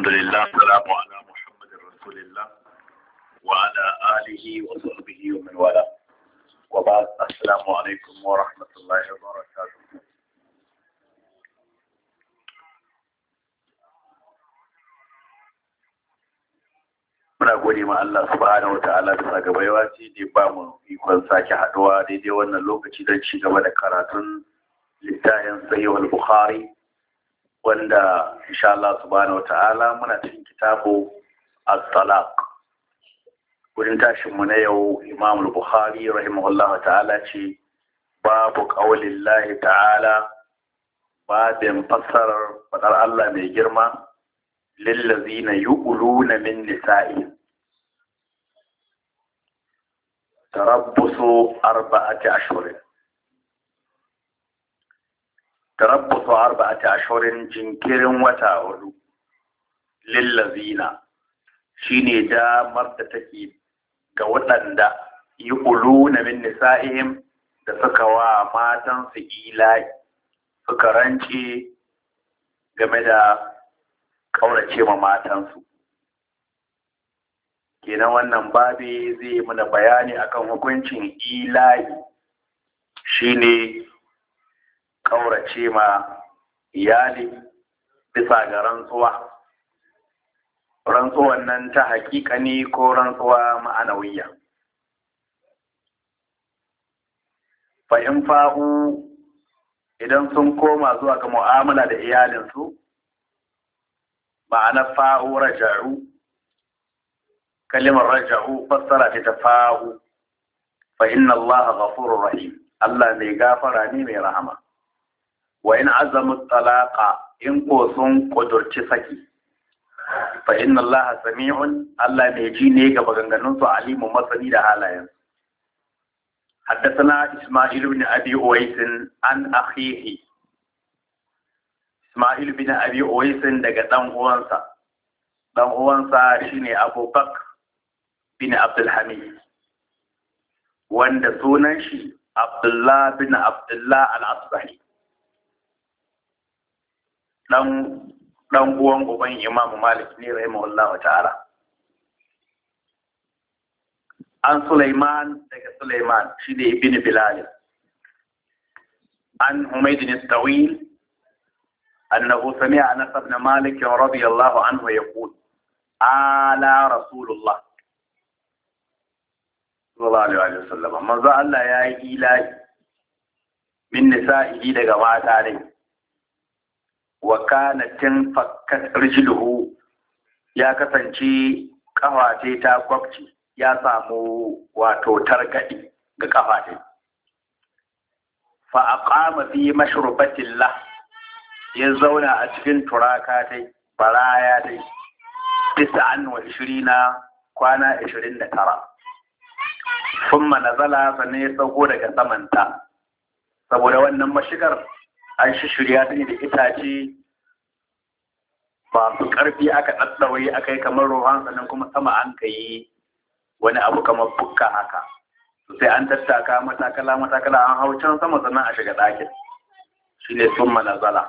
الحمد لله والسلام على محمد رسول الله وعلى آله وصحبه ومن والاه وبعد السلام عليكم ورحمة الله وبركاته muna gode ma Allah subhanahu wataala bisa ga baiwa ce da ba mu ikon sake haduwa daidai wannan lokaci don ci gaba da karatun littafin sahih al-bukhari wanda insha Allah subhanahu ta'ala muna cikin kitabu at-talaq wurin tashin mu na yau Imam al-Bukhari rahimahullahu ta'ala ce babu qaulin lahi ta'ala babin fassarar fadar Allah mai girma lillazina yu'luna min nisa'i tarabbusu arba'ati ashhurin tarabbutu arba'ati ashhurin jinkirin wata hudu lillazina shine damar da take ga waɗanda yi ulu min nisa'ihim da suka wa matansu ila'i suka rance game da ƙaurace ma matansu kenan wannan babi zai mana bayani akan hukuncin ila'i shine ƙaurace ma iyali bisa ga rantsuwa rantsuwan nan ta haƙiƙa ne ko rantsuwa ma'anawiyya fa'in fa'u idan sun koma zuwa ga mu'amala da iyalinsu ma'ana fa'u raja'u kalimar raja'u fassara ce ta fa'u fa Allah ghafurur rahim Allah mai gafara ne mai rahama wa in azama talaka in ko sun kudurci saki fa inna Allah sami'un Allah bai ji ne ga maganganun su alimu masani da halayen haddathana Isma'il ibn Abi Uwais an akhihi Isma'il ibn Abi Uwais daga dan uwansa shine Abu Bakr bin Abdul wanda sunan shi Abdullah bin Abdullah al-Asbahi dan dan uwan uban Imam Malik ne rahimahullahu ta'ala an Sulaiman daga Sulaiman shi ne ibn Bilal an Umayd ibn Tawil annahu sami'a Anas ibn Malik radiyallahu anhu yaqul ala rasulullah sallallahu alaihi wasallam الله عليه وسلم من ذا الله يا إلهي من نسائه لغا wa kana tin fakkat rijluhu ya kasance kafa ce ta gwabci ya samu wato targadi ga kafa ce fa aqama fi mashrubatillah ya zauna a cikin turaka ta baraya ta tis'an wa ishirina kwana ishirin da tara sun manazala sannan ya sauko daga samanta saboda wannan mashigar an shishirya ta ne da itace masu ƙarfi aka ɗaɗɗaure aka yi kamar rohan sannan kuma sama an ka yi wani abu kamar bukka haka sai an tattaka matakala matakala an hau can sama sannan a shiga ɗakin shi ne sun manazala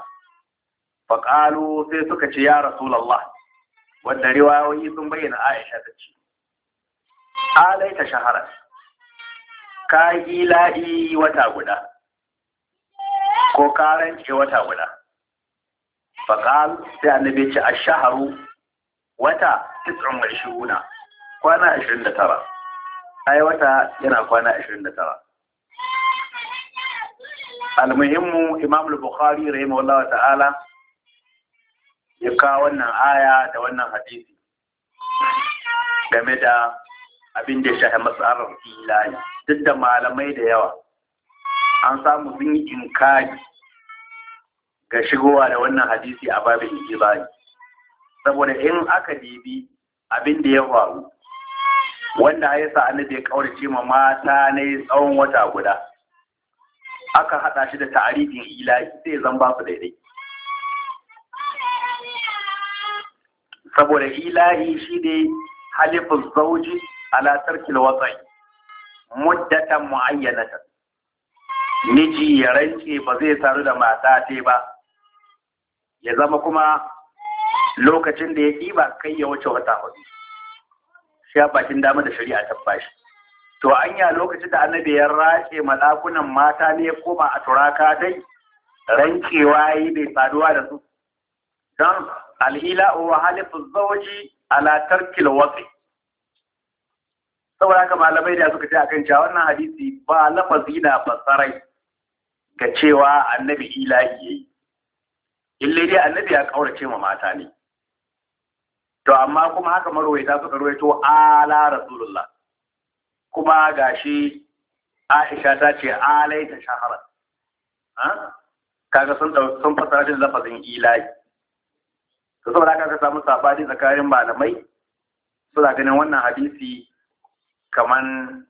faƙalu sai suka ce ya rasulallah wadda riwayoyi sun bayyana aisha ta ce alai shahara ka yi la'i wata guda ko karen ce wata guda faqal sai annabi ce a shaharu wata tis'un mai shuruna kwana ashirin da 29 ai wata yana kwana ashirin tara. al-muhimmu imam al-bukhari rahimahullah ta'ala ya kawo wannan aya da wannan hadisi game da abin da ya shafi matsalar ilahi duk da malamai da yawa an samu sun yi inkari ga shigowa da wannan hadisi a babin ijibari saboda in aka dibi abin da ya faru wanda ya sa annabi ya kaurace ma mata ne tsawon wata guda aka haɗa shi da tarihin ilahi sai zan ba su daidai saboda ilahi shi ne halifin zauji ala tarkil watsai muddatan mu'ayyanatan miji ya rance ba zai taru da mata ba ya zama kuma lokacin da ya ɗiba kai ya wuce wata hudu shi a bakin dama da shari'a ta bashi to anya lokacin da annabi ya race malakunan mata ne ya koma a turaka dai rankewa yi bai faduwa da su don alhila wa halifu zauji ala tarkil wasi saboda haka malamai da suka ce kan cewa wannan hadisi ba lafazi na fasarai ga cewa annabi ilahi yayi illai dai annabi ya kaurace ma mata ne to amma kuma haka marwaita suka rawaito ala rasulullah kuma gashi Aisha ta ce alaita shahara kaga sun sun fasara da lafazin ilahi to saboda haka ka samu sabani tsakanin malamai suna ganin wannan hadisi kaman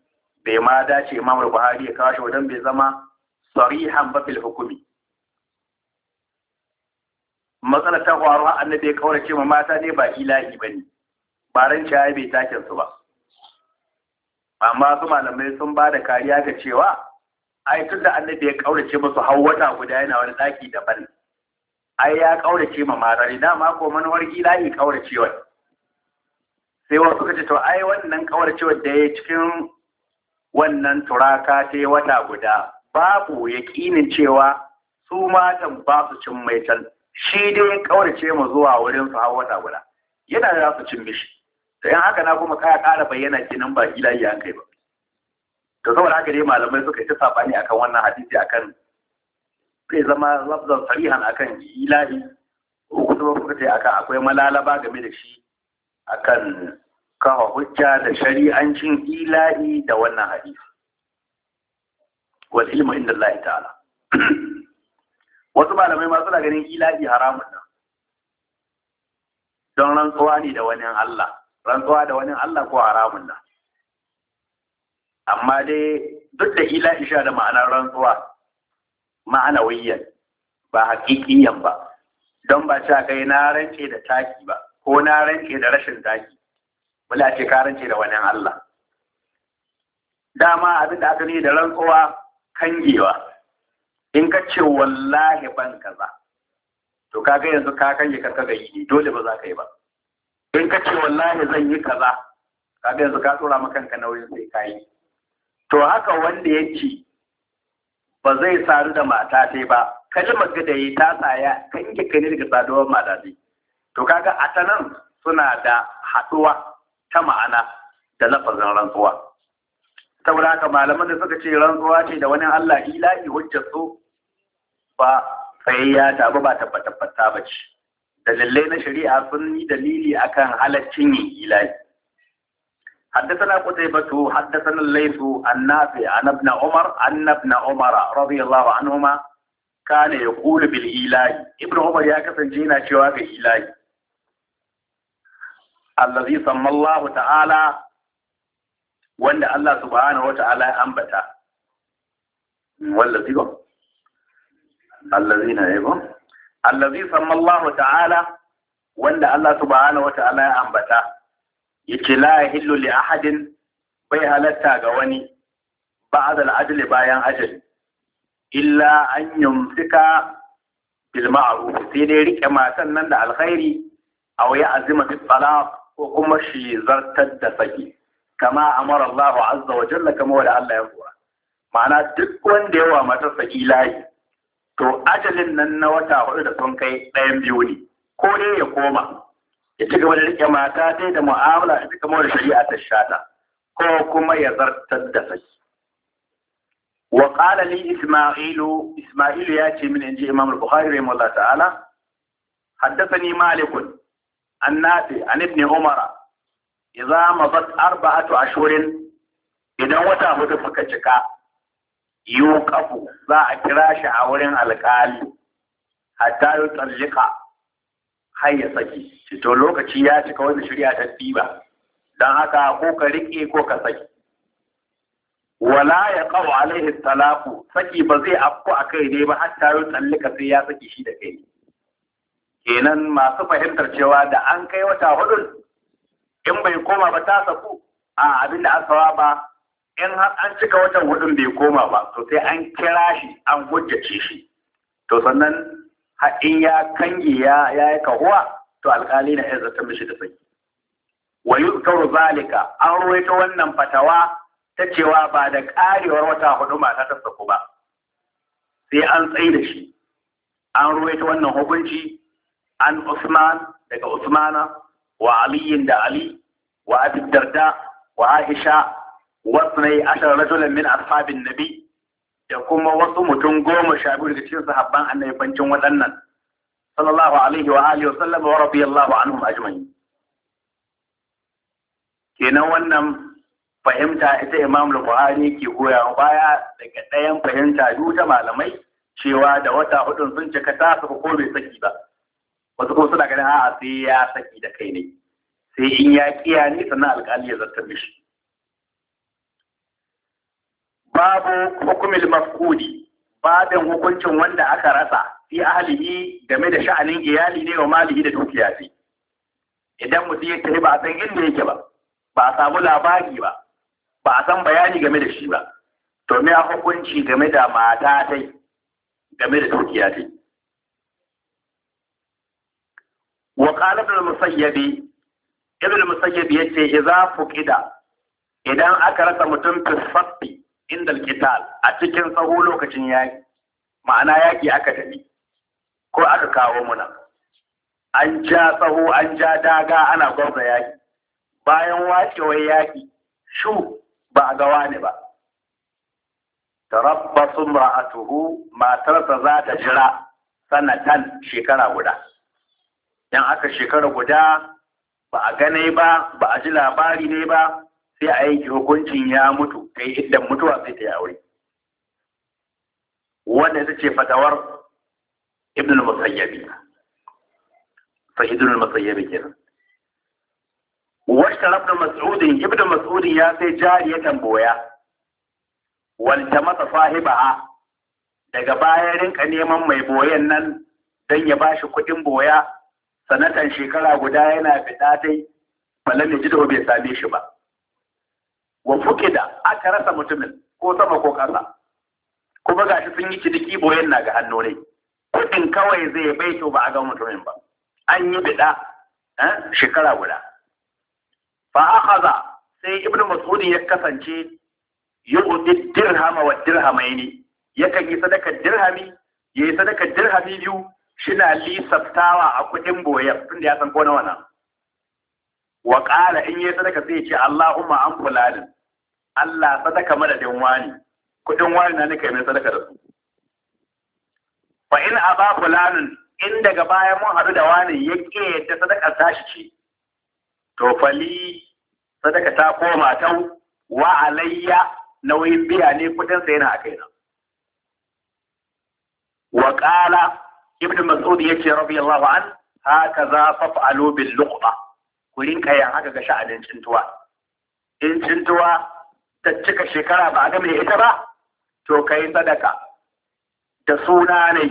bai ma dace Imam Buhari ya kawo shi wajen bai zama sarihan ba fil hukumi matsala ta faru annabi ya ce ma mata ne ba ilahi ne, ba ran ya bai taken su ba amma su malamai sun ba da kariya ga cewa ai tun da annabi ya ce musu hau wata guda yana wani daki daban ai ya ce ma mata ne dama ko manuwar ilahi wa sai wa suka ce to ai wannan wa da ya cikin wannan turaka ta wata guda babu yaƙinin cewa su matan ba su cin mai can shi dai kaurace mu zuwa wurin su hawa wata guda yana da su cin mishi sai haka na kuma kaya ƙara bayyana kinan ba ilahi an kai ba to saboda haka dai malamai suka yi ta sabani akan wannan hadisi akan zai zama lafzan sarihan akan ilahi uku kuma suka ce akan akwai malalaba game da shi akan kawo hujja da shari'ancin ilahi da wannan hadisi wal ilmu inda Allah ta'ala wasu malamai ma suna ganin ilahi haramun nan don rantsuwa ne da wani Allah rantsuwa da wani Allah ko haramun nan amma dai duk da ilahi sha da ma'anar rantsuwa ma'anawiyyan ba hakikiyan ba don ba sha kai na rance da taki ba ko na rance da rashin taki wala ce ka rance da wani Allah dama abin da aka ne da rantsuwa kangewa in ka ce wallahi ban kaza to kaga yanzu ka kan ka karka yi dole ba za ka yi ba in ka ce wallahi zan yi kaza kaga yanzu ka tsora maka kanka nauyin sai ka yi to haka wanda ya ce ba zai saru da mata sai ba kalmar da yi ta tsaya kan ki kai daga saduwar mata sai to kaga a ta nan suna da haɗuwa ta ma'ana da lafazin rantsuwa saboda haka malaman da suka ce rantsuwa ce da wani Allah ilahi hujjar su fa tsayayya ta ba tabbatabbata ba ce dalilai na shari'a sun yi dalili akan halaccin yin ilahi حدثنا قتيبة حدثنا الليث عن نافع عن ابن عمر عن ابن عمر رضي الله عنهما كان يقول بالإله ابن عمر يا كفن جينا شواك إله الذي سمى الله تعالى وأن الله سبحانه وتعالى أنبته والذي allazina yabo allazi sallallahu ta'ala wanda Allah subhanahu wata'ala ya ambata yace la yahillu li ahadin bai halatta ga wani ba'd al bayan ajali illa an yumsika bil ma'ruf sai dai rike matan nan da alkhairi aw ya azima bi talaq ko kuma shi zartar da saki kama amara Allah azza wa jalla kama wanda Allah ya ma'ana duk wanda yawa matarsa ilahi to ajalin nan na wata hudu da sun kai ɗayan biyu ne ko dai ya koma ya ci gaba da riƙe mata dai da mu'amala ya ci gaba da shari'a ta shata ko kuma ya zartar da saki wa qala li isma'ilu isma'ilu ya ce min inji imam al-bukhari rahimahullah ta'ala haddathani malik an nafi an ibn umar idza mabat arba'atu ashhurin idan wata hudu suka cika yuqafu za a kira shi a wurin alƙali hatta yi tsallika har ya saki to lokaci ya cika wani shirya ta ɗiba don haka ko ka riƙe ko ka saki wala ya kawo alaihi talaku saki ba zai afku a kai ne ba hatta yi tsallika sai ya saki shi da kai kenan masu fahimtar cewa da an kai wata hudun in bai koma ba ta saku a abinda da ba in har an cika watan hudun bai koma ba to sai an kira shi an hujjace shi to sannan haɗin ya kange ya ya yi kahuwa to alƙali na yanzu ta mishi da sai wa yuzkaru zalika an ruwaito wannan fatawa ta cewa ba da ƙarewar wata hudu mata ta saku ba sai an tsaye da shi an ruwaito wannan hukunci an Usman daga Usmana wa Aliyin da Ali wa abin Darda wa Aisha wasnai ashar rajulan min ashabin nabi da kuma wasu mutum goma sha biyu daga cikin sahabban annabi bancin waɗannan sallallahu alaihi wa alihi wa sallam wa radiyallahu anhum ajma'in kenan wannan fahimta ita Imam Bukhari ke goya baya daga ɗayan fahimta biyu ta malamai cewa da wata hudun sun cika ta su ko bai saki ba wasu kuma suna ganin a'a sai ya saki da kai ne sai in ya kiya ne sannan alƙali ya zartar mishi babu hukumil mafkudi babin hukuncin wanda aka rasa fi ahlihi game da sha'anin iyali ne wa malihi da dukiya ce idan mutum ya tafi ba a san inda yake ba ba a samu labari ba ba a san bayani game da shi ba to me hukunci game da mata tai game da dukiya tai wa qala ibn musayyib ibn musayyib yace idza fuqida idan aka rasa mutum fi inda qital a cikin tsaho lokacin yaki ma'ana yaki aka tafi ko aka kawo muna an ja tsaho an ja daga ana gwamna yaki bayan wacewar yaki shu ba a gawa ne ba tarabbasu ra'atuhu matarsa za ta jira sanatan shekara guda yan aka shekara guda ba a gane ba ba a ji labari ne ba sai a yi hukuncin ya mutu ta yi iddan mutuwa sai ta yi aure wanda ita ce fatawar ibn al-musayyabi sahidun al-musayyabi kenan Wasu tarafin mas'ud ibn mas'ud ya sai jariyatan boya wal tamata sahibaha daga bayan rinka neman mai boyen nan dan ya bashi kuɗin boya sanatan shekara guda yana fita tai balan ya ji bai same shi ba wa da aka rasa mutumin ko sama ko ƙasa kuma gashi sun yi ciniki boyen na ga hannu ne kuɗin kawai zai baito ba a ga mutumin ba an yi bida eh, shekara guda fa akhadha sai ibnu mas'ud ya kasance yu'ti dirhama wa dirhamaini yakan yi sadakar dirhami yayi sadakar dirhami biyu shina lisaftawa a kuɗin boyen tunda ya san ko na wannan wa ƙara in yi sadaka sai ce Allahumma an fulalin Allah sadaka madadin wani kuɗin wani na nika mai sadaka da su fa in ba fulanin in daga baya mun haɗu da wani ya ƙi yadda sadaka ta shi ce to fali sadaka ta koma tau wa alayya nauyin biya ne kuɗin sa yana a kaina wa ƙala ibn mas'ud yace radiyallahu an haka za fa'alu bil luqma ku rinka yin haka ga sha'anin cintuwa in cintuwa ta cika shekara ba ga mai ita ba to kai sadaka da suna ne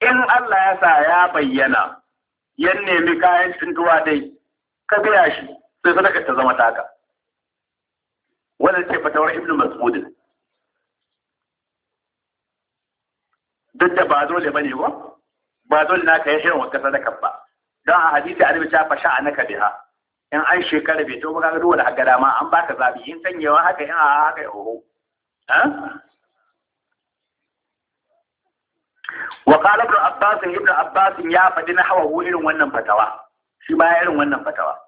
in Allah ya sa ya bayyana yan nemi kayan cintuwa dai ka biya shi sai sadaka ta zama taka wannan ce fatawar ibnu Mas'udin. duk da ba dole ne ba ba dole na kai shirin wata sadaka ba don a hadisi annabi ta fasha anaka biha in an shekara bai to ba kaga dole haka dama an baka zabi in sanyewa haka in a haka oho eh? wa qala ibn abbas ibn abbas ya fadi na hawa irin wannan fatawa shi ba irin wannan fatawa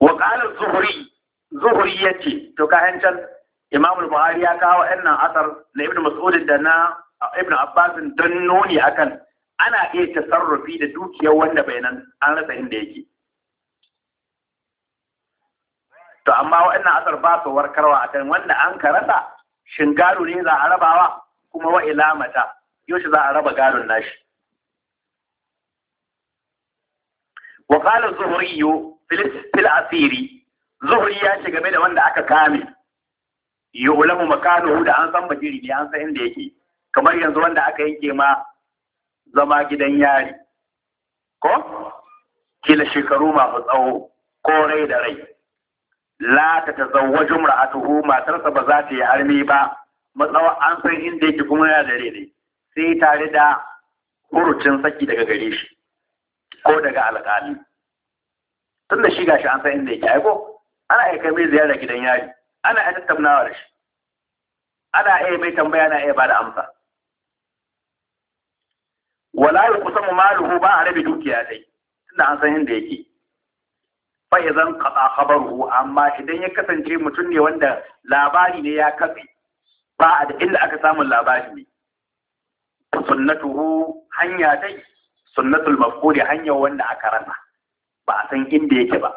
wa qala zuhri zuhri yace to ka hancan imam al-buhari ya kawo wannan asar na ibn mas'ud da na ibn Abbas don noni akan ana iya tasarrufi da dukiyar wanda bai nan an rasa inda yake to amma wa'annan asar ba su warkarwa akan wanda an ka rasa shin gado ne za a rabawa kuma wa ilamata yaushe za a raba gadon nashi wa qala zuhri fil asiri zuhuri ya ce game da wanda aka kame ulamu makanuhu da an san bajiri ne an san inda yake kamar yanzu wanda aka yanke ma zama gidan yari ko kila shekaru masu tsawo ko rai da rai la ta a tuhu. matarsa ba za ta yi armi ba matsawa an san inda yake kuma ya da ne sai tare da hurucin saki daga gare shi ko daga alƙali tun da shi gashi an san inda yake aiko ana aika mai ziyara gidan yari ana iya tattaunawa da shi ana iya mai tambaya na iya ba da amsa wala ya kusa mu maluhu ba a rabe dukiya dai tunda an san inda yake fa idan qada khabaruhu amma idan ya kasance mutum ne wanda labari ne ya kafi ba a da inda aka samu labari ne sunnatuhu hanya dai sunnatul mafqudi hanya wanda aka rasa ba a san inda yake ba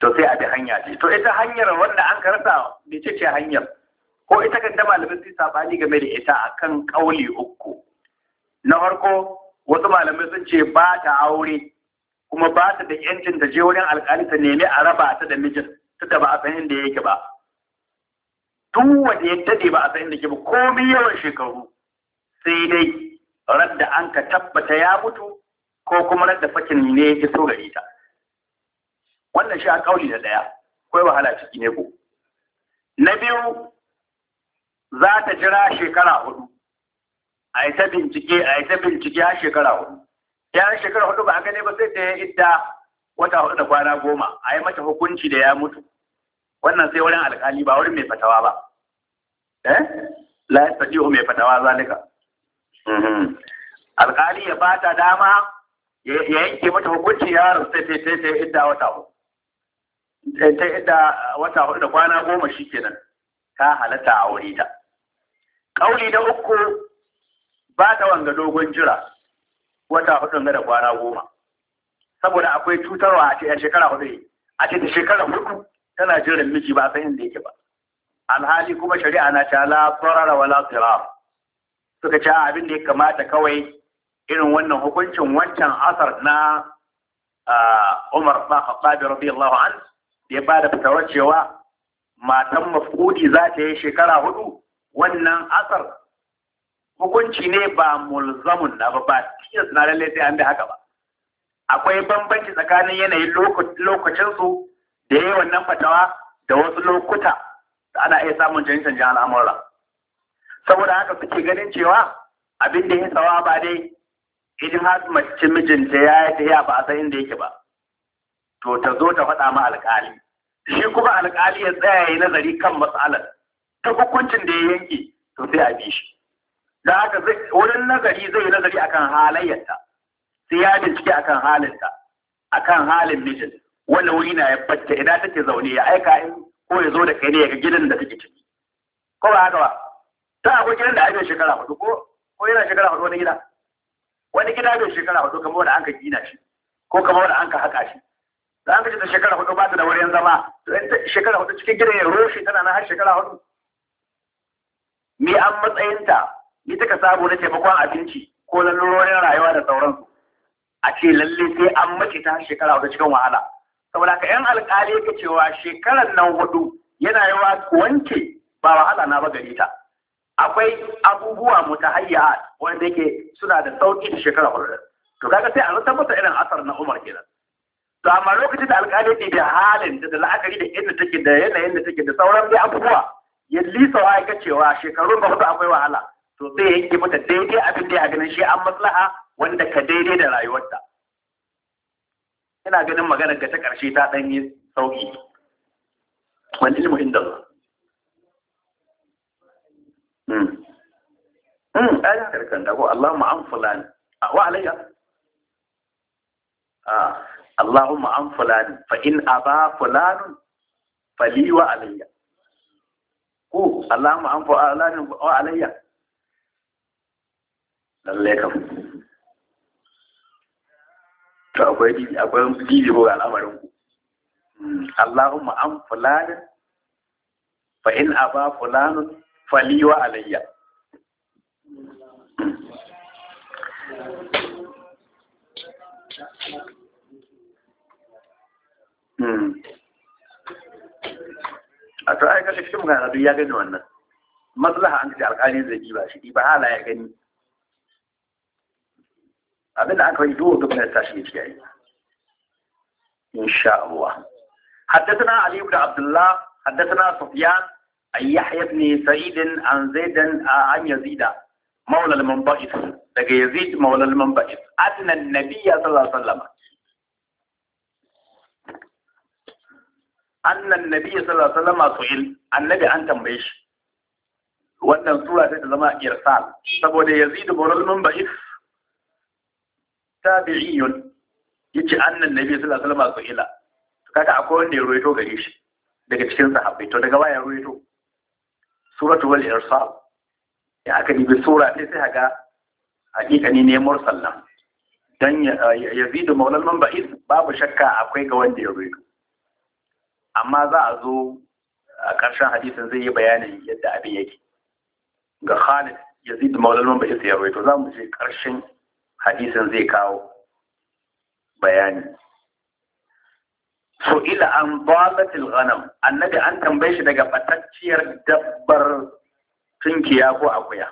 to sai a bi hanya ce to ita hanyar wanda an karasa Me ce hanyar ko ita kan da malamin sai sabani game da ita akan kauli uku na farko wasu malamai sun ce ba ta aure kuma ba ta da yancin da je wurin alƙali ta nemi a raba ta da mijin tunda ba a san da yake ba duk wanda ya dade ba a san da yake ba komai yawan shekaru sai dai radda an ka tabbata ya mutu ko kuma radda fakin ne ya so ga ta wannan shi a kauli da ɗaya, kai wahala ciki ne ko na biyu za ta jira shekara hudu a yi ta bincike a yi ta bincike a shekara hudu ya shekara hudu ba a gane ba sai ta yi idda wata hudu da kwana goma a yi mata hukunci da ya mutu wannan sai wurin alkali ba wurin mai fatawa ba eh la yastati'u mai fatawa zalika mhm. alkali ya bata dama ya yanke mata hukunci ya rasu sai sai sai idda wata hudu ta idda wata hudu da kwana goma shikenan ta halatta a wuri ta ƙauli da uku ba ta wanga dogon jira wata hudu ga da kwana goma saboda akwai cutarwa a cikin shekara hudu a cikin shekara hudu tana jiran miji ba san inda yake ba alhali kuma shari'a na ta la darara wala dirar suka ce abin da ya kamata kawai irin wannan hukuncin wancan asar na Umar bin Khattab radiyallahu an da ya bada fitawar cewa matan mafkudi za ta yi shekara hudu wannan asar hukunci ne ba mulzamun na ba ba tilas na lalle sai an bi haka ba akwai bambanci tsakanin yanayin lokacinsu da yi wannan fatawa da wasu lokuta da ana iya samun canje jihar al'amura saboda haka suke ganin cewa abin da ya sawa ba dai idan har mace mijinta ya yi tafiya ba a san inda yake ba to ta zo ta faɗa ma alƙali shi kuma alƙali ya tsaya ya nazari kan matsalar ta hukuncin da ya yanke to sai a bi shi da haka wurin nazari zai nazari akan halayyarta sai ya bincike akan halinta akan halin mijin wanda wuri na ya bacce idan take zaune ya aika in ko ya zo da kai ne ga gidan da take ciki ko ba haka ba ta akwai gidan da ake shekara hudu ko ko yana shekara hudu wani gida wani gida bai shekara hudu kamar wanda anka gina shi ko kamar wanda anka haka shi da an kace ta shekara hudu ba ta da wurin zama shekara hudu cikin gidan ya roshe tana na har shekara hudu me an matsayinta ni ka sabo na taimakon abinci ko lalurorin rayuwa da sauransu a ce lalle sai an mace ta shekara wata cikin wahala saboda ka yan alkali ka cewa shekarar nan hudu yana yawa wanke ba wahala na ba gare ta akwai abubuwa mutahayya wanda yake suna da sauki da shekara hudu to kaga sai a rantar mutu irin asar na Umar kenan to amma lokacin da alkali ne da halin da la'akari da inda take da yanayin da take da sauran dai abubuwa ya lisa wa cewa shekarun ba akwai wahala to sai ya yanke mata daidai abin da ya ganin shi an maslaha wanda ka daidai da rayuwarta ina ganin maganar ka ta ƙarshe ta ɗan yi sauƙi wani ilmu inda ba Hmm, hmm ayan ko dago Allahumma an fulani wa alayya ah Allahumma an fulani fa in ba fulani, fali wa alayya ko Allahumma an fulani wa alayya lallai kam to akwai akwai jijibo ga al'amarin ku hmm. Allahumma an fulanin fa in aba fulanun faliwa alayya hmm. a to ai ga cikin magana ya gani wannan maslaha an kace alƙalin zai ba shi ba hala ya gani abin aka yi duhu duk جاي إن شاء الله حدثنا علي بن عبد الله حدثنا سفيان عن يحيى بن سعيد عن زيد عن يزيد مولى المنبعث لقى يزيد مولى المنبعث أن النبي صلى الله عليه وسلم أن النبي صلى الله عليه وسلم سئل النبي أنت مبيش وأن الصورة تتزمى إرسال irsal يزيد Yazid mawlal munba'is tabi'iyun yace annan nabi sallallahu alaihi wasallam ila to kaga akwai wanda ya ruwaito gare shi daga cikin sahabbai to daga baya ruwaito suratu wal irsal ya aka dibi sura sai sai haga hakika ne mursal nan dan yazidu maulal manba'is babu shakka akwai ga wanda ya ruwaito amma za a zo a ƙarshen hadisin zai yi bayanin yadda abin yake ga Khalid Yazid Maulal Mamba ya ruwaito za mu je ƙarshen hadisin zai kawo bayani so ila an dalatil ghanam annabi an tambaye shi daga batacciyar dabbar tunkiya ko akuya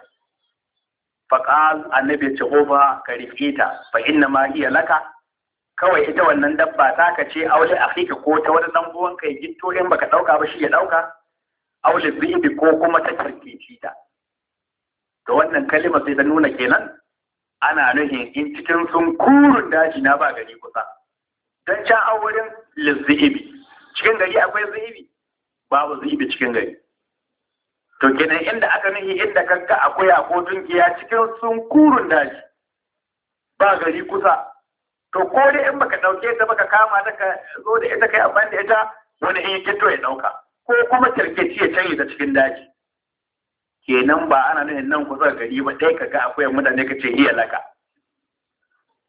faqal annabi ce ofa ka rikita fa inna ma hiya laka kawai ita wannan dabba ta ka ce aure akika ko ta wani dan buwan kai gitto in baka dauka ba shi ya dauka aure bibi ko kuma ta kirkici ta to wannan kalimar sai ta nuna kenan ana nufin in cikin sun kurun daji na ba gari kusa don can an wurin lizzihibi cikin gari akwai zihibi babu zihibi cikin gari to kenan inda aka nufi inda kanka akwai a ko tunkiya cikin sun kurun daji ba gari kusa to ko da in baka dauke ta baka kama ta ka zo da ita kai amfani da ita wani in ya to ya dauka ko kuma tarkeci ya canye ta cikin daji kenan ba ana nuna nan zaka gari ba dai ka ga akwai mutane ka ce iya laka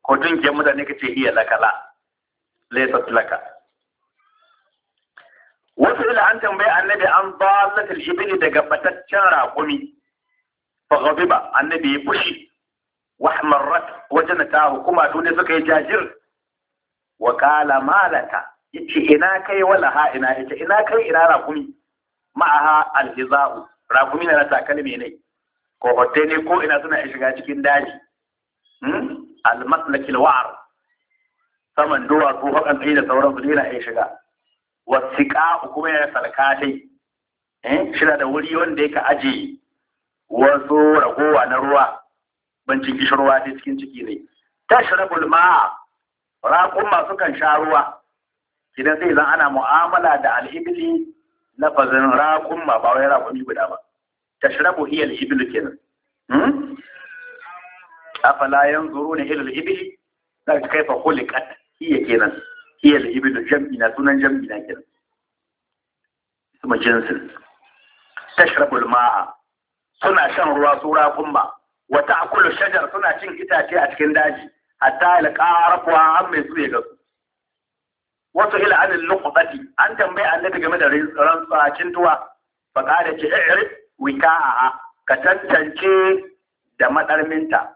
ko ke mutane ka ce iya laka la laysa laka wasu ila an tambayi annabi an ba al ibili daga bataccen raƙumi fa ghadiba annabi ya fushi wa hamarrat wajen ta hukuma dole suka yi jajir wa qala malaka yace ina kai wala ha ina yace ina kai ina raƙumi ma'aha alhiza'u rafumi na takalmi ne ko ne ko ina suna shiga cikin daji hmm? almaslakil wa'ar saman duwatsu hakan tsaye da sauran su yana shiga wasiƙa kuma ya salka dai hmm? shira da wuri wanda yake aje wasu ragowa na ruwa bancin kishirwa dai cikin ciki ne tashrabul ma masu kan sha ruwa idan sai zan ana mu'amala da al'ibili lafazin raƙun ma ba wai raƙumi guda ba tashrabu hiya al-ibl kenan hmm afala ne ila al-ibl da kaifa khuliqat hiya kenan hiya al-ibl jam'i na sunan jam'i na kenan kuma jinsin tashrabu al-ma'a suna shan ruwa su raƙun ma wa ta'kulu shajar suna cin itace a cikin daji hatta al-qarfu amma su ya gasu wasu ila anil luqbati an tambaye annabi game da rantsacin tuwa da kada ce i'rif a ka tantance da madarminta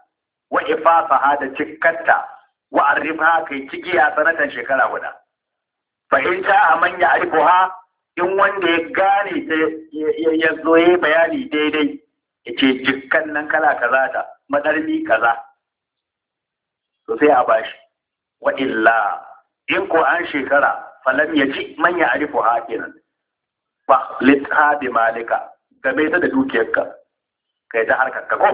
wa ha da cikkatta wa arrifha kai cikiya sanatan shekara guda Fahimta a manya arifu ha in wanda ya gane ta ya zo ya bayani daidai ya ce jikkan nan kala kaza ta madarmi kaza to sai a bashi wa illa in ko an shekara falam ya ji manya a arifu hakinan ba litha da malika game ta da dukiyarka kai ta harkar ka ko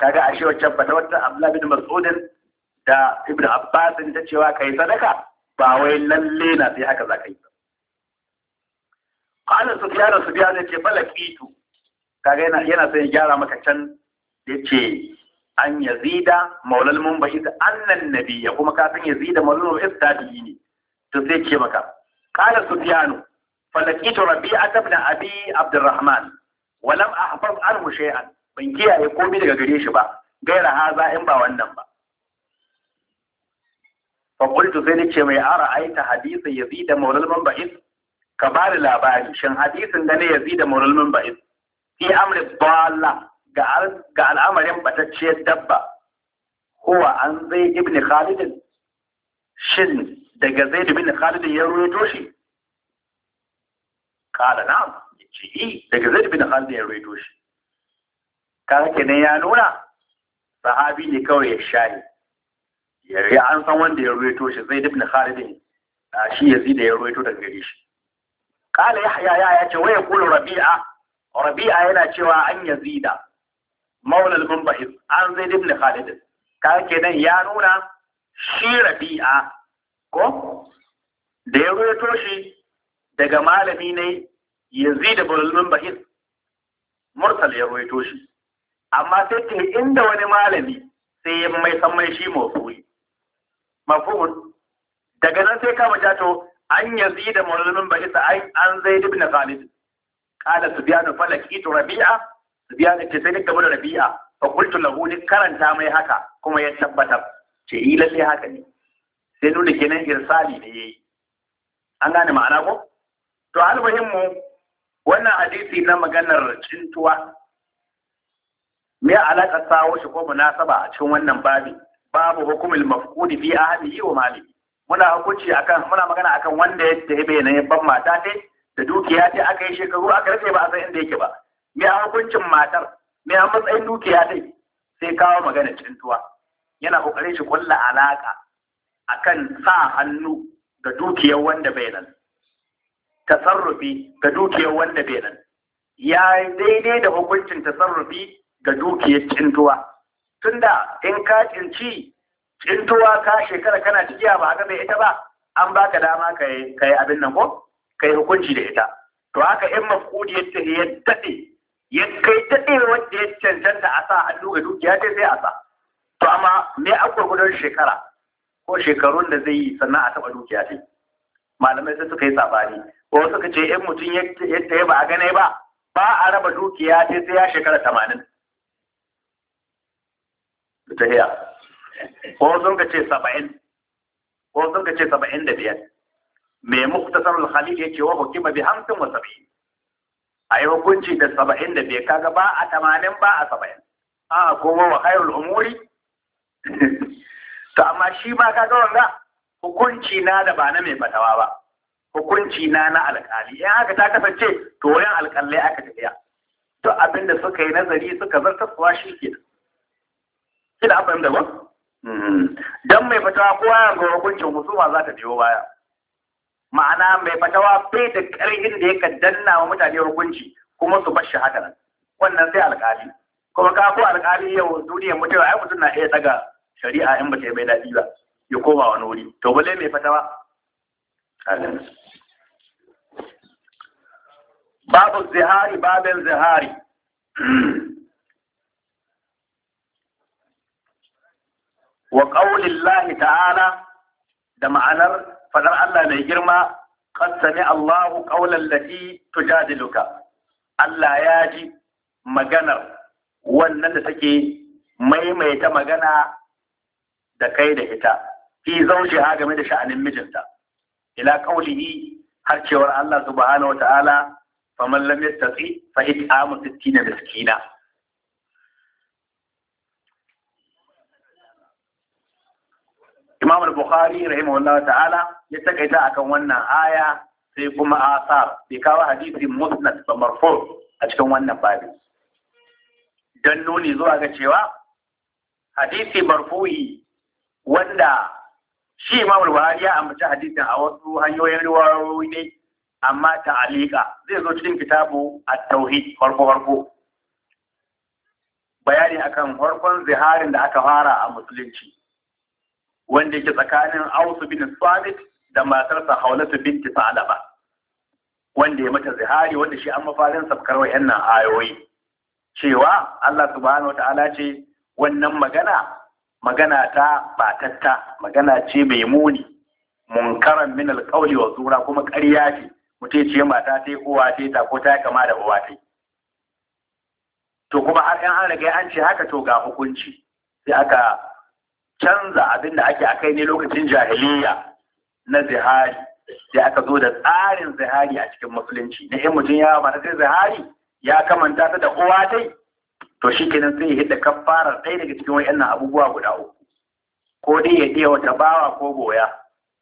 kaga ashe waccan fata wata Abdullah bin Mas'ud da Ibn Abbas ta cewa kai sadaka ba wai lalle na sai haka za ka yi su biya ne ke falakitu kaga yana yana sai gyara maka can yace an yazida maulal munba'is annan nabiyya kuma ka san yazida maulal munba'is tabi'i ne to sai ke maka qala sufyanu falakitu rabi'a ibn abi abdurrahman wa lam ahfaz anhu shay'an ban kiyaye komai daga gare shi ba gaira haza in ba wannan ba fa qultu sai nace mai ara aita hadisi yazida maulal munba'is ka bani labari shin hadisin da ne yazida maulal munba'is fi amri dalla ga al'amarin batacciyar dabba kowa an zai ibn khalidin shin daga zai ibn khalidin ya ruwe toshi kala na ce yi daga zai ibn khalidin ya ruwaito shi eh, ke ne ya nuna sahabi ne kawai ya ya yare an san wanda ya ruwe toshi zai ibn khalidin shi ya zida ya to daga gare shi kala yahya ya ce waya kula rabi'a rabi'a yana cewa an yazida maulal munbahis an zai ibn khalid ka kenan ya nuna shi rabi'a ko da ya ruwaito shi daga malami ne yazid ibn al-munbahis mursal ya ruwaito shi amma sai ce inda wani malami sai ya mai san mai shi mafuri mafhum daga nan sai kama jato an yazid ibn al-munbahis an zaid ibn khalid qala falaki to rabi'a Sufyan ce sai ni gaba da Rabi'a fa qultu lahu ni karanta mai haka kuma ya tabbatar ce yi lalle haka ne sai nuna kenan irsali ne yayi an gane ma'ana ko to almuhimmu wannan hadisi na maganar cintuwa me alaka sawo shi ko munasaba a cikin wannan babi babu hukumul mafqudi fi ahlihi wa mali muna hukunci akan muna magana akan wanda ya tafi bayanan ban mata ce da dukiya ce aka yi shekaru aka rufe ba a san inda yake ba me a hukuncin matar me a matsayin dukiya dai sai kawo magana cintuwa yana kokarin shi kulla alaka akan sa hannu ga dukiyar wanda bai nan tasarrufi ga dukiyar wanda bai nan ya daidai da hukuncin tasarrufi ga dukiyar cintuwa tunda in ka cinci cintuwa ka shekara kana cikiya ba haka bai ita ba an baka dama ka yi abin nan ko kai hukunci da ita to haka in mafkudi ya daɗe ya kai daɗe wanda ya cancanta a sa hannu ga dukiya ta sai a sa to amma me a gurgurar shekara ko shekarun da zai yi sannan a taɓa dukiya ta malamai sai suka yi sabani ko suka ce in mutum ya tsaye ba a gane ba ba a raba dukiya ta sai ya shekara tamanin ta hiya ko sun ka ce saba'in ko sun ka ce saba'in da biyar me muktasar al-khalil yake wa hukima bi hamsin wa saba'in a yi hukunci da saba'in da bai kaga ba a tamanin ba a saba'in a kuma wa khairul umuri to amma shi ma kaga wanga hukunci na da ba na mai fatawa ba hukunci na na alƙali in haka ta kasance to wayan alƙalai aka tafiya to abin da suka yi nazari suka zarta kuwa shi ke kina fahimta ba mm-hmm. dan mai fatawa kowa ya ga hukuncin ba za ta biyo baya ma'ana mai fatawa bai da ƙarfin da yake danna wa mutane hukunci kuma su bar shi haka nan wannan sai alƙali kuma ka ko alƙali yau duniyar mutum ai mutum na iya daga shari'a in ba ta bai daɗi ba ya koma wani wuri to balle mai fatawa babu zihari babin zihari wa ƙaunin ta'ala da ma'anar fadar Allah mai girma qad Allahu qawlan lati tujadiluka Allah ya ji maganar wannan da take maimaita magana da kai da ita fi zaujiha game da sha'anin mijinta ila ƙaunihi har cewar Allah subhanahu wataala faman lam yastati fa it'amu 60 miskina Imam al-Bukhari rahimahullah ta'ala ya takaita akan wannan aya sai kuma asar bai kawo hadisi musnad ba marfu a cikin wannan babi dan nuni zuwa ga cewa hadisi marfu'i wanda shi Imam al-Bukhari ya ambaci hadisin a wasu hanyoyin riwayoyi ne amma ta'alika zai zo cikin kitabu at-tauhid farko farko bayani akan farkon ziharin da aka fara a musulunci wanda yake tsakanin Ausu bin Sabit da matarsa Haulatu binti Alaba, wanda ya mata zihari wanda shi an mafarin sabkar wayannan ayoyi cewa Allah subhanahu wataala ce wannan magana magana ta batatta magana ce mai muni munkaran min alqawli wa zura kuma ƙarya ce mutai ce mata tai uwa tai ta ko ta kama da uwa tai to kuma har an riga an ce haka to ga hukunci sai aka canza abin da ake akai ne lokacin jahiliya na zihari sai aka zo da tsarin zihari a cikin musulunci na in mutum ya mana sai zihari ya kamanta ta da uwa dai to shi kenan sai ya hidda kafarar ɗaya daga cikin wayannan abubuwa guda uku ko dai ya iya wata bawa ko goya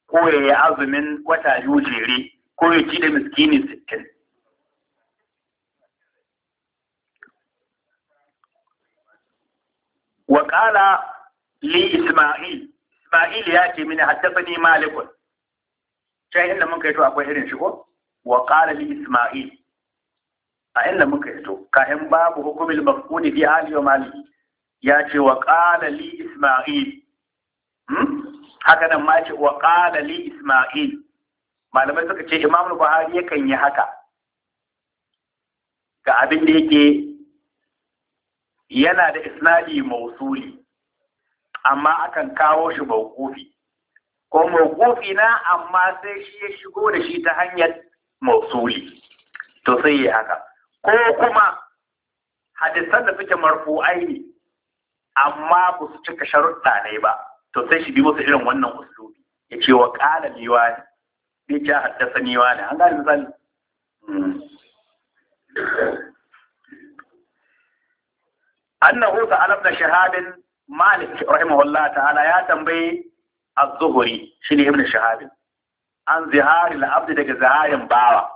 ko ya yi azumin wata biyu jere ko ya ci da miskini sittin Wakala li Isma'il Isma'il ya ce mini haddathani Malikun sai inda mun kai to akwai irin shi ko wa qala li Isma'il a inda muka yi to ka kayan babu hukumil mafuni fi ali wa mali ya ce wa qala li Isma'il hmm? haka nan ma ce wa qala li Isma'il malamai suka ce Imam Buhari kan yi haka ga abin da yake yana da isnadi mausuli amma akan kawo shi mawqufi ko mawqufi na amma sai shi ya shigo da shi ta hanyar mausuli to sai yi haka ko kuma hadisan da suke marfu'ai ne amma ba su cika sharuɗa ne ba to sai shi bi musu irin wannan uslubi ya ce wa ƙala ne ya ce haddasa ne an gane misali hmm. annahu sa'ala da shahabin malik rahimahullah ta'ala ya tambayi az-zuhri shine ibn shahab an zihari al-abd daga ziharin bawa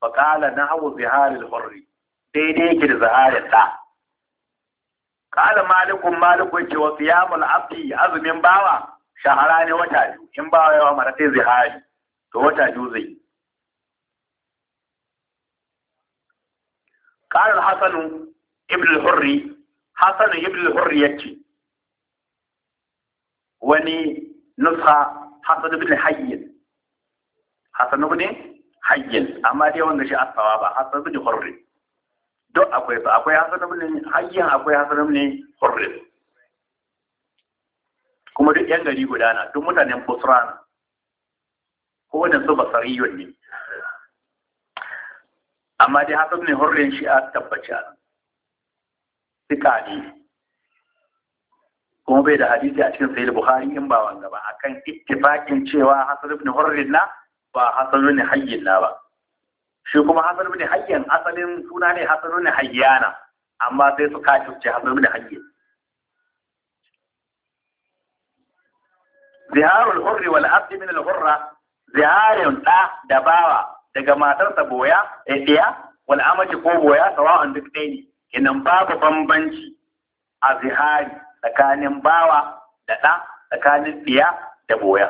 fa qala nahwu zihari al-hurri daidai yake da ziharin da qala malikun malikun ce wa qiyamul abdi azumin bawa shahara ne wata biyu in bawa yawa mara sai zihari to wata biyu zai qala al-hasan ibn al-hurri hasan ibn al-Hurr yake wani nusa hasan ibn Hayyan hasan ibn Hayyan amma dai wanda shi asawa ba hasan ibn Hurr do akwai ba, akwai hasan ibn Hayyan akwai hasan ibn Hurr kuma duk yan gari gudana duk mutanen busrana ko wannan su basariyun ne amma dai hasan ibn Hurr shi a tabbaci suka ne kuma bai da hadisi a cikin sahih bukhari in ba wanda ba akan ittifaqin cewa hasan ibn hurrin na ba hasan ibn hayyin na ba shi kuma hasan ibn hayyan asalin suna ne hasan ibn hayyana amma sai su ce hasan ibn hayyin ziharul hurri wal abdi min al hurra ziharin da da bawa daga matarsa boya eh, ɗaya wal amaci ko boya sawa'an duk ɗaya ne Inan babu bambanci a zihari tsakanin bawa da ɗa tsakanin ɗiya da boya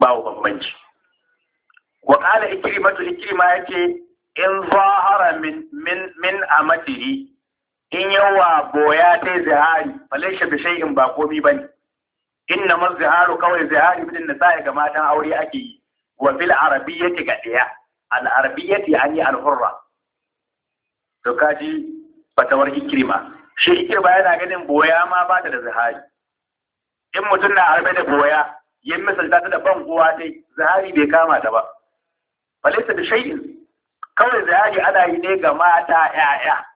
babu bambanci wa ƙala ikrimatu ikrima yake in zahara min min min in yawa boya ta zihari falaysa bi shay'in ba komi bane inna ziharu kawai zihari bidin nisa'i ga matan aure ake yi wa fil arabiyyati ga ɗaya al arabiyyati an yi al hurra to fatawar ikirma shi ikirma yana ganin boya ma ba da zahari in mutum na harbe da boya yin misalta ta da ban kowa dai zahari bai kama ta ba falista da shay'in kawai zahari ana yi ne ga mata yaya.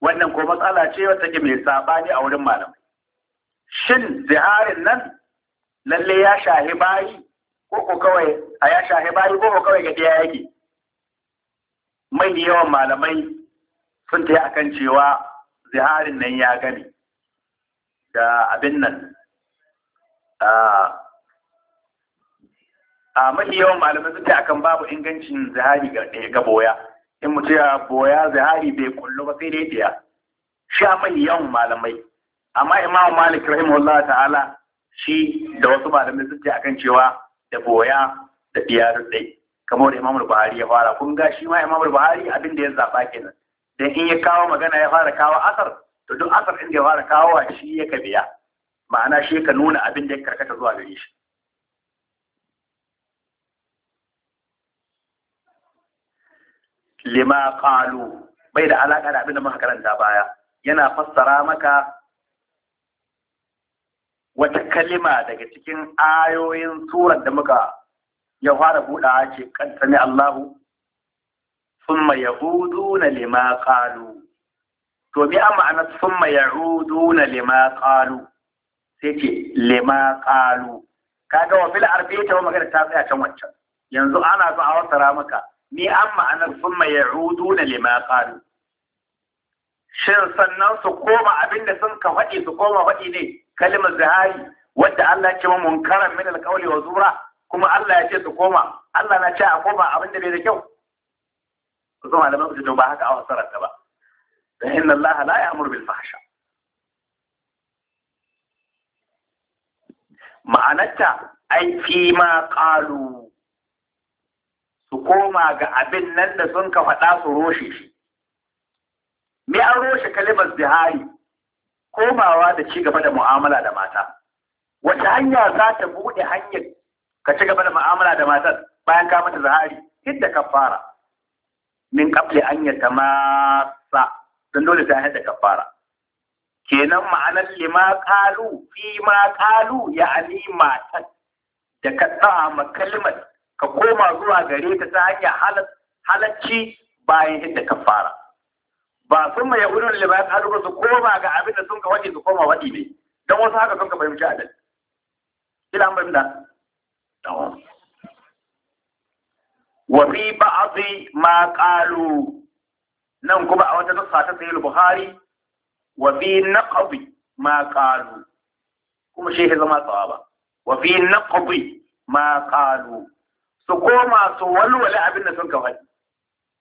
wannan ko matsala ce wata ke mai sabani a wurin malamai shin ziharin nan lalle ya shahi bayi ko ko kawai a ya shahi bayi ko ko kawai ga ɗaya yake mai yawan malamai sun ta yi a kan cewa ziharin nan ya gani da abin nan a mafi yawan malamai sun ta yi a kan babu ingancin zihari ga eh, boya in mu ya boya zihari bai kullu ba sai dai ɗaya shi a mafi yawan malamai amma imamu malik rahimahullah ta'ala shi da wasu malamai sun ta yi a kan cewa da boya da ɗiya dai kamar da buhari ya fara kun ga shi ma imamu buhari abin da ya zaɓa kenan dan in ya kawo magana ya fara kawo asar to duk asar inda ya fara kawo shi ya biya ma'ana shi ka nuna abin da ya karkata zuwa gare shi lima qalu bai da alaka da abin da muka karanta baya yana fassara maka wata kalima daga cikin ayoyin surar da muka ya fara buɗa ce kan sami Allahu summa ya'uduna lima qalu to mi amma ana summa ya'uduna lima qalu sai ce lima kaga wa fil arbi ta magana ta tsaya can wancan yanzu ana so a wasara maka ni amma ma'ana sun ya'uduna lima qalu shin sannan su koma abinda sun ka faɗi su koma faɗi ne kalmar zahari wadda Allah ya ce mun munkaran min alqawli wa zura kuma Allah ya ce su koma Allah na ce a koma abinda bai da kyau wasu malaman suka ce ba haka a wasarar ta ba da inna Allah la ya'muru bil fahsha ma'anarta ai fi ma qalu su koma ga abin nan da sun ka faɗa su roshe shi me an roshe kalimar zihari komawa da ci gaba da mu'amala da mata wata hanya za ta buɗe hanyar ka ci gaba da mu'amala da matar bayan ka mata zahari hidda ka fara min kafle an masa don dole haɗa hada kafara kenan ma'anar lima kalu fi ma ya ya'ani matan da ka tsawa ma kalmar ka koma zuwa gare ta ta hanyar halacci bayan ka kafara ba sun mai yahudun libayan kalu ba su koma ga abin da sun ka waje su koma waɗi ne don wasu haka sun ka fahimci adal ila mun da wa fi ba'dhi ma qalu nan kuma a wata nusa ta sahih bukhari wa fi naqdi ma qalu kuma shi ya zama tsawaba wa fi naqdi ma qalu su koma su walwala abin da sun kawai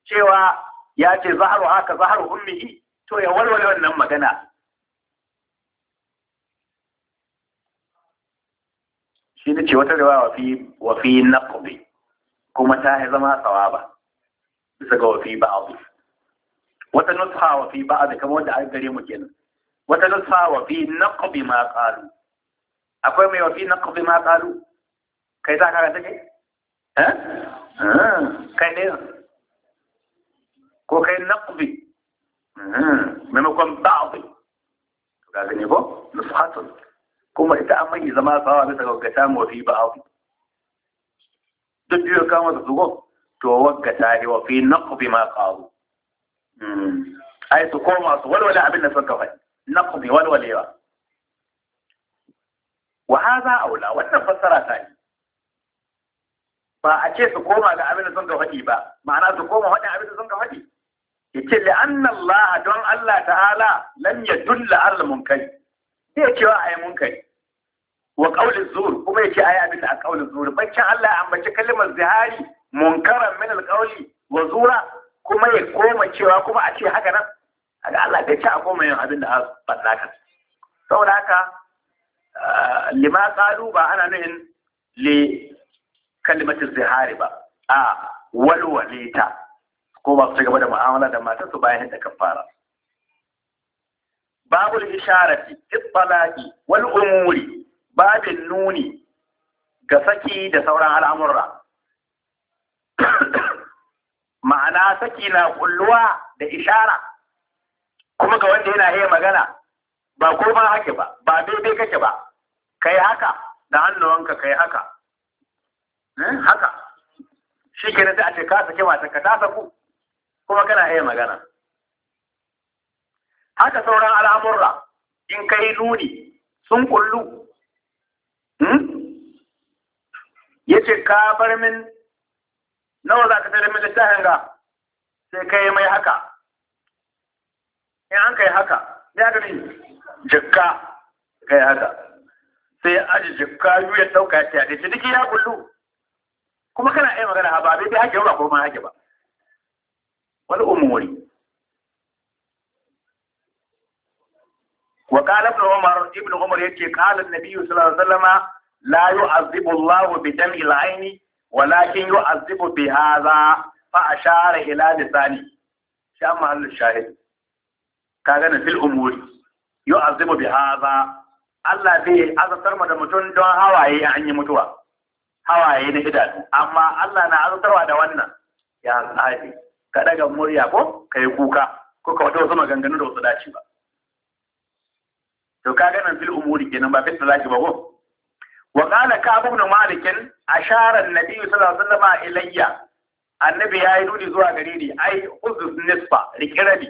cewa ya ce zaharu haka zaharu ummihi to ya walwala wannan magana shi ne ce wata rawa wa fi wa fi naqdi kuma ta yi zama sawaba bisa ga wafi ba'adu wata nusha wafi ba'adu kamar wanda an gare mu kenan wata nusha wafi naqbi ma qalu akwai mai wafi naqbi ma qalu kai za ka ga take eh kai ne ko kai naqbi maimakon ba'adu to ga gane ko nushatun kuma ita an mai zama sawa bisa ga ta mu wafi ba'adu duk biyu kama da zuwan to wagga ta yi wa fi naqbi ma qalu hmm. ai su koma su walwala abin da suka faɗi naqbi walwalewa wa hadha aula wannan fassara ta yi ba a ce su koma ga abin da sun ka faɗi ba ma'ana su koma faɗin abin da sun ka faɗi yace li anna Allah don Allah ta'ala lam yadulla al munkari sai cewa ai munkari wa qaulin zuhur kuma yace ayi abin da a qaulin zuhur baccin Allah ya ambaci kalmar zihari munkaran min alqauli wa zura kuma ya koma cewa kuma a ce haka nan haka Allah da ci a koma yin abin da a faɗa saboda haka ah, lima qalu ba ana nuhin li kalmatin zihari ba a walwale ta ko ba su gaba da mu'amala da su bayan da kafara babul isharati ittalaqi wal umuri babin nuni ga saki da sauran al'amurra ma'ana saki na kulluwa da ishara kuma ga wanda yana iya magana ba ko ba hake ba ba daidai kake ba kai haka da hannuwanka kai haka eh, haka shi ke nasi a ce ka saki mata ka tasa ku? kuma kana iya magana haka sauran al'amurra in kai nuni sun kullu Hmm? ya ce ka bar min nawa za ka tare min littafin ga sai ka yi mai haka in an kai haka ya gani jikka kai haka sai aji jikka yi ya ɗauka ya ce duk ya kullu kuma kana iya magana ha ba bai bai hake ba ko ma hake ba wani umuri wa qala ibn ibn umar yace qala an-nabi sallallahu alaihi wasallam la bi dam'i al walakin yu'azzibu bi hadha fa ashara ila lisani sha mahallu shahid na fil umuri yu'azzibu bi hadha Allah zai azabtar mu da mutum don hawaye an yi mutuwa hawaye na idanu amma Allah na azabtarwa da wannan ya zafi ka daga murya ko yi kuka ko ka wata wasu maganganu da wasu dace ba to kaga nan fil umuri kenan ba fil talaqi ba ko wa qala ka'ab ibn malik ashara an-nabi sallallahu alaihi wasallam ilayya annabi yayi nuni zuwa gare ni ai uzus nisfa rikirabi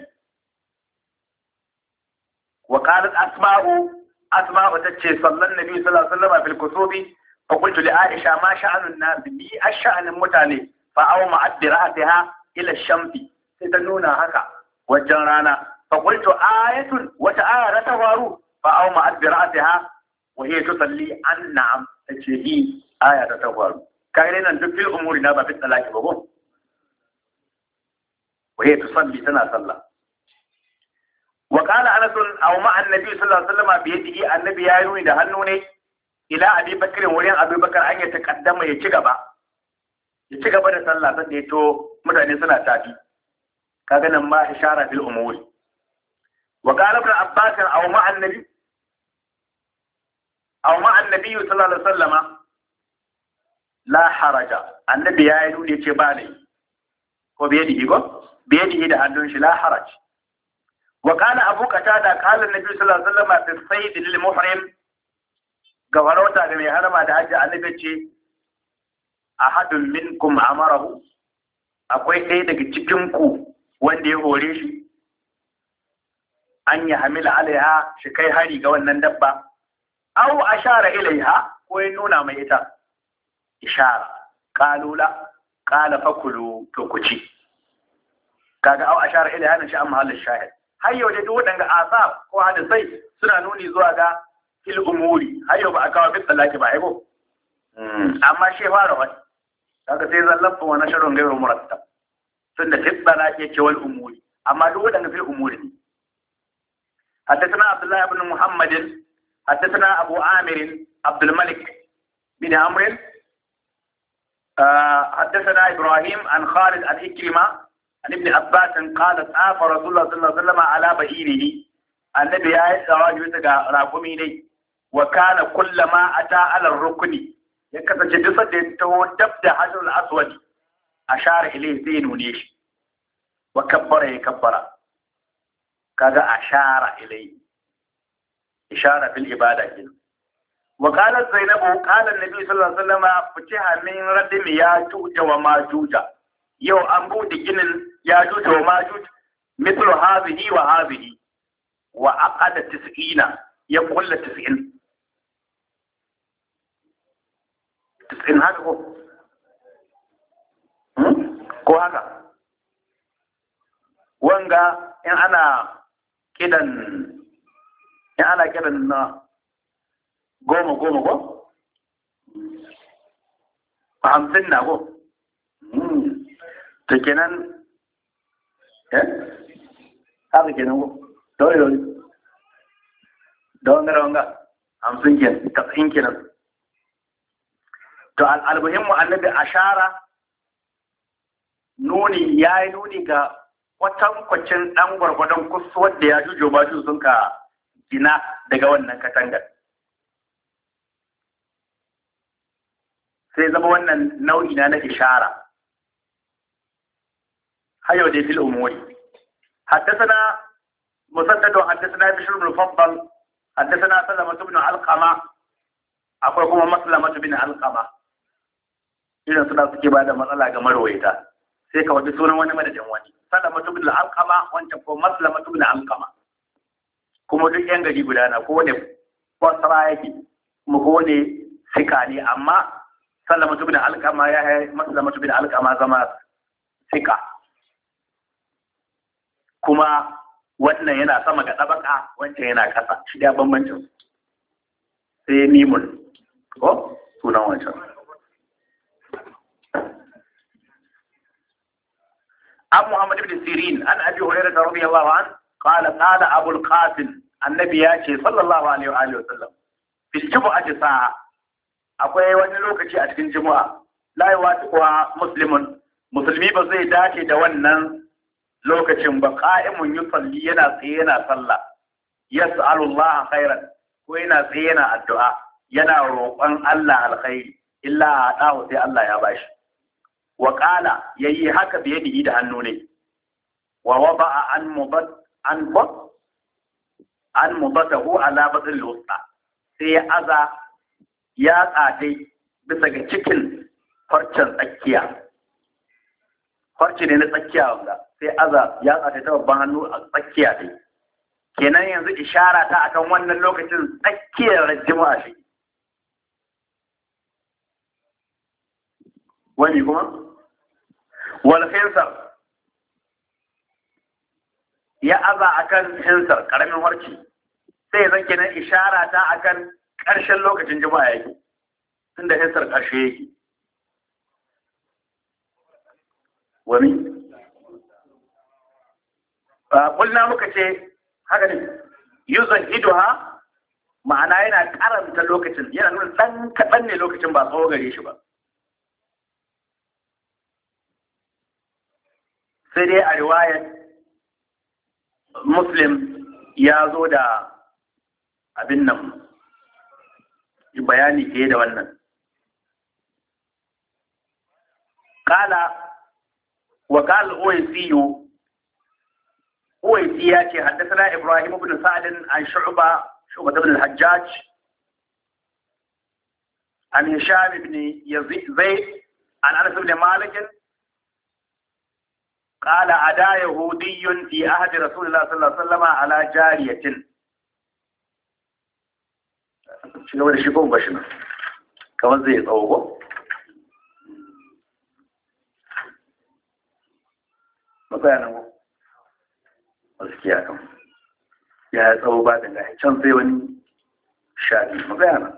wa qalat asma'u asma'u tace sallan nabi sallallahu alaihi wasallam fil kusubi fa qultu li aisha ma sha'anun nas bi ash'anun mutane fa aw ma'ad ra'atiha ila shamsi sai ta nuna haka wajen rana fa qultu ayatun wata aya ta faru fa aw ma adra'ataha wa hiya tusalli an na'am tace hi aya ta tawaru kai nan duk fil umuri na ba fi ba ko wa hiya tusalli tana sallah wa qala anas annabi sallallahu alaihi wasallam annabi ya yi da hannu ne ila abi bakr wurin abi bakr an ya ya ci gaba ya ci gaba da sallah ya to mutane suna ma وقال ابن عباس او مع النبي aw ma annabi sallallahu alaihi wasallama la haraja annabi ya ce ba ne ko bai dihi da hannun shi la haraj wa kana abu qatada qala annabi sallallahu alaihi wasallama fi sayd ga farauta ga mai harama da hajji annabi ce ahadun minkum amarahu akwai ɗaya daga cikin ku wanda ya hore shi an yi hamila alaiha shi kai hari ga wannan dabba aw ashara ilaiha ko ya nuna mai ita ishara qalula qala fakulu to ku ci kaga aw ashara ilaiha nan shi an mahallin shahid har yau da duk wadanga asab ko hadisai suna nuni zuwa ga fil umuri har yau ba a kawo fit talaki ba aiko hmm. amma shi fara wani kaga sai zallafa wa nasharun gairu murattab tunda fit talaki yake wal umuri amma duk wadanga fil umuri ne حدثنا عبد الله بن محمد حدثنا أبو عامر عبد الملك بن عمرو آه، حدثنا إبراهيم عن خالد عن إكرمة عن ابن عباس قال سافر رسول الله صلى الله عليه وسلم على بئيره النبي يا إسراج بسقى راقمي وكان كلما أتى على الركن يكتب جدسة تبدأ حجر الأسود أشار إليه زين ونيش وكبر يكبر كذا أشار إليه ishara fil ibada kin wa qalat zainabu qala annabi sallallahu alaihi wasallam futiha min radmi ya tuja wa majuja yau an bude ginin ya tuja wa majuj mithlu hadhihi wa hadhihi wa aqada 90 ya kulla ko hmm? ko haka wanga in ana kidan in ana kiran na goma goma ko hamsin na ko hmm. ta kenan eh haka kenan ko dole dole don gara wanga hamsin kenan tasirin kenan to mu annabi ashara nuni ya yi nuni ga kwacin ɗan gwargwadon kusa wadda ya jujo ba sun ka gina daga wannan katangar sai zama wannan nau'i na na ishara hayo dai fil umuri حدثنا مسدد حدثنا بشر بن المفضل حدثنا سلمة بن علقمة akwai kuma maslamatu bin alqama irin suna suke bada matsala ga marwaita sai ka wajen sunan wani madadin wani salamatu bin alqama wancan ko maslamatu bin alqama kuma duk yan gari guda na kowane kwasara yake kuma kowane sika ne amma sallama da alkama ya yi masallama da alkama zama sika kuma wannan yana sama ga tsabaka wancan yana kasa shi da bambancin sai mimun ko sunan wancan محمد بن سيرين عن an abi رضي الله عنه qala qala abul qasim annabi ya ce sallallahu alaihi wa alihi wasallam fil sa'a akwai wani lokaci a cikin jumu'a la yuwatiquha muslimun musulmi ba zai dace da wannan lokacin ba qa'imun yusalli yana tsaye yana sallah yas'alullaha khairan ko yana tsaye yana addu'a yana rokon Allah alkhairi illa a sai Allah ya bashi Wakala qala yayi haka fiye da hannu ne wa wada'a an mubadd an ba an mutatahu ala batil wusta sai ya aza ya tsade bisa ga cikin farcen tsakiya farce ne na tsakiya wanda sai aza ya tsade ta babban hannu a tsakiya dai kenan yanzu ishara ta akan wannan lokacin tsakiyar juma'a shi wani kuma wal khinsar ya aza akan hinsar karamin warki sai ya zanke nan ishara ta akan ƙarshen lokacin juma'a yake tunda hinsar ƙarshe yake wani kulna muka ce haka ne yuzan hiduha ma'ana yana karanta lokacin yana nuna ɗan kaɗan ne lokacin ba tsawo gare shi ba sai dai a riwayar muslim ya zo da abin nan bayani ke da wannan kala wa kala oec oec ya ce haddasa ibrahim ibn sa'adin an shu'ba shu'ba ibn hajjaj an hisham ibn yazid an anas ibn malikin قال أدا يهودي في عهد رسول الله صلى الله عليه وسلم على جارية شنو ولا شيكون بشنو كم زي طوبه مكانه gaskiya kan ya tsawo ba da زي وني شادي مكانه